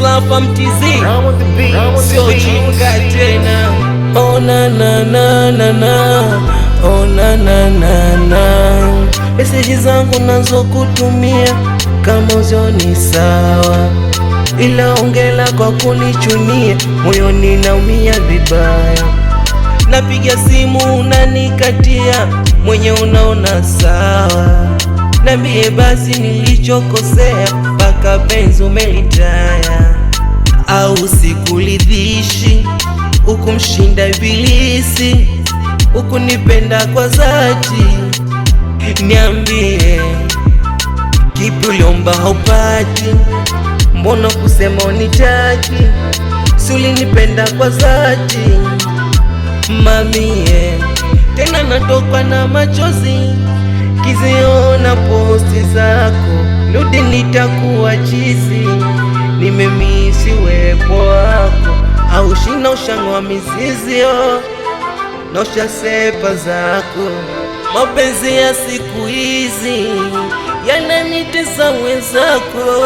Slafa MTZ sio jinga tena, ona oh, na na na na, ona oh, na na na. Meseji zangu nazokutumia kama uzioni sawa, ila ongela kwa kunichunia, moyoni naumia vibaya, napiga simu unanikatia, mwenye unaona sawa, nambie basi nilichokosea, mpaka penzi umelitaya sikuridhishi, ukumshinda Ibilisi, ukunipenda kwa zati Niambie, kipi uliomba haupati? Mbona kusema unitaki? Si kwa zati Mamie, tena natokwa na machozi kiziona posti zako, ludi nitakuwa chizi, nimemisi wewe noshangoa mizizio, nosha sepa zako. Mapenzi ya siku hizi yananitesa wenzako,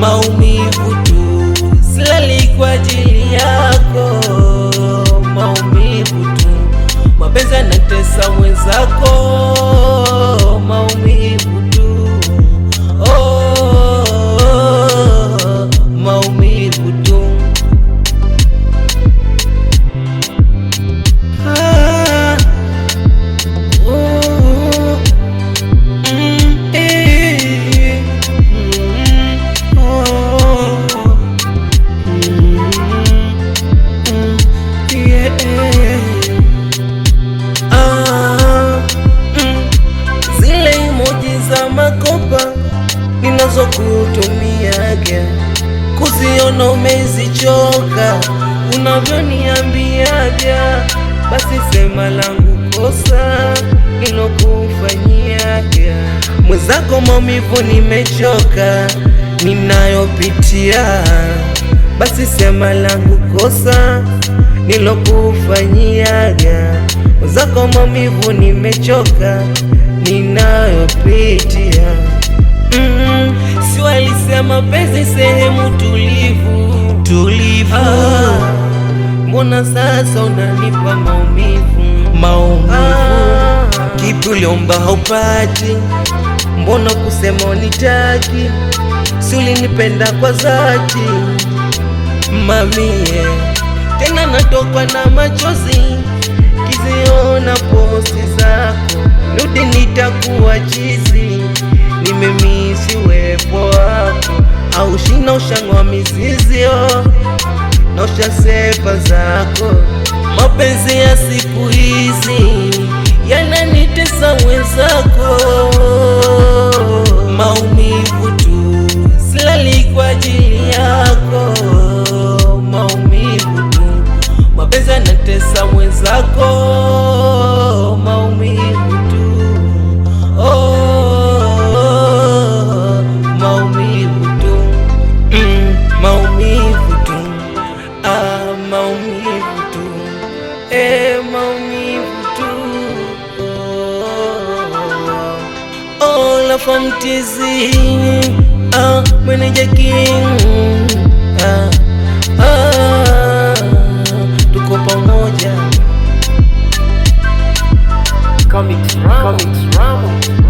maumivu tu, silali kwa ajili yako, maumivu tu, mapenzi yanatesa wenzako unazokutumiaga kuziona umezichoka, unavyoniambiaga, basi sema langu kosa nilokufanyiaga mwenzako, maumivu nimechoka ninayopitia, basi sema langu kosa nilokufanyiaga mwenzako, maumivu nimechoka ninayopitia mapenzi sehemu tulivu tulivu, ah, mbona sasa unanipa maumivu maumivu, ah, kitu uliomba haupati, mbona kusema unitaki? Si ulinipenda kwa dhati mamie, eh, tena natokwa na machozi kiziona posti zako, rudi nitakuwa chizi, nimemisi wewe Nosha ng'omi zizio, nosha sepa zako. Mapenzi ya siku hizi yananitesa wenzako Mara from TZ ah, Manager King ah, ah, tuko pamoja Comics Ramos.